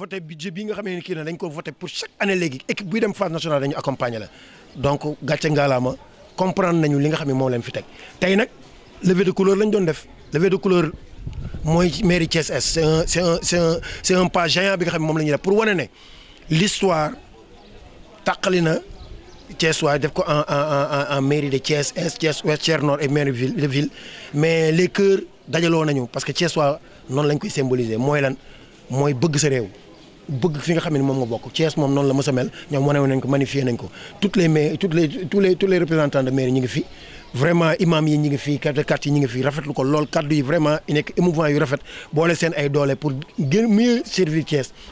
voté budget bi nga xamee ne kii na dañ ko voté pour chaque année léegi équipe buy dem phase nationale dañu accompagner la donc gàcce ngaalaama comprendre nañu li nga xam ne moom leen fi teg tey nag levée de couleur lañ doon def levée de couleur mooy mairie Thiès Est c'est un c'est un pas géant bi nga xam ne moom la ñuy def pour wane ne l'histoire tàqali na Thiès waay def ko en en en en de Thiès Est Thiès Ouest Thiès Nord et mairie ville de ville mais les cœurs dajaloo nañu parce que Thiès waay noonu lañ koy symboliser mooy lan mooy bëgg sa réew. bëgg fi nga xam ne moom nga bokk Thiès moom noonu la mës a mel ñoom wane nañ ko magnifié nañ ko toutes les maires toutes les tous les tous les représentants de maires ñi ngi fi vraiment imam ay doole pour gën mieux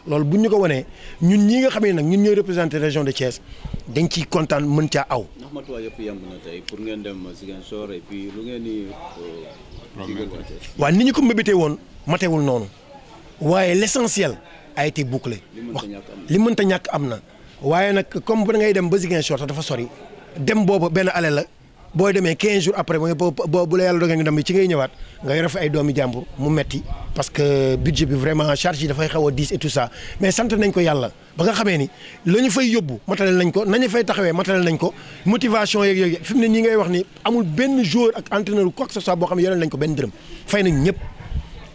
bu ñu ko wanee ñun ñi nga xam ne nag ñun ñooy représenté région de kontaan mën caa aw. ndax matuwaay yëpp yemb na tey pour ngeen dem Ziguinchor et puis lu ngeen euh, ni ñu ko mbébétee woon matewul noonu waaye l'essentiel a été bouclé wax li mënta ñàkk am na waaye nag comme bu da ngay dem ba Ziguinchor dafa sori dem boobu benn ale la boo demee 15 jours après boo bu la yàlla dogal nga dem ci ngay ñëwaat nga yore fa ay doomi jàmbur mu metti parce que budget bi vraiment charge yi dafay xaw a diis et tout ça mais sant nañ ko yàlla ba nga xamee ni la ñu fay yóbbu matalal nañ ko nañu fay taxawee matalal nañ ko motivation yeeg yooyu fi mu ne ñi ngay wax ni amul benn joueur ak entraîneur quoi que ce boo xam ne yore nañ ko benn dërëm fay nañ ñëpp.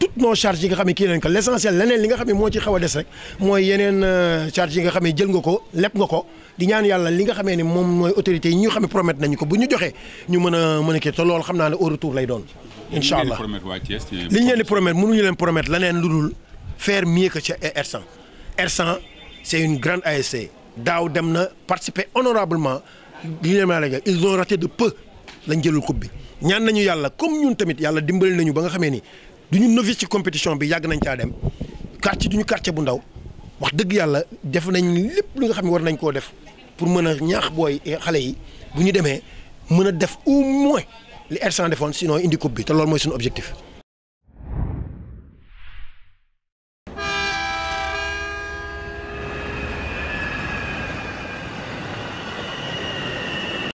toutes nos charges yi nga xam ne kii nañ ko l' essentiel leneen li nga xam ne moo ci xaw a des rek mooy yeneen euh, charges yi nga xam ne jël nga ko lepp nga ko di ñaan yàlla li nga xamee ne moom mooy autorités yi ñu xam ne promettre nañu ko bu ñu joxee ñu mën a mën a xam naa ne au retour lay doon incha allah li ñu leen di promettre mënuñu leen promettre leneen lu dul faire mieux que ca R100 R100 c' une grande ASC daaw dem na participer honorablement li leen maa la ils ont raté de peu lañ bi ñaan nañu yàlla comme ñun tamit yàlla dimbali nañu ba nga xamee ni du ñu novice ci compétition bi yàgg nañ caa dem quartier du ñu quartier bu ndaw wax dëgg yàlla def nañ lépp lu nga xam ne war nañ koo def pour mën a ñaax booy eh, xale yi bu ñu demee mën a def au moins li R100 defoon sinon indi coupe bi te loolu mooy suñu objectif.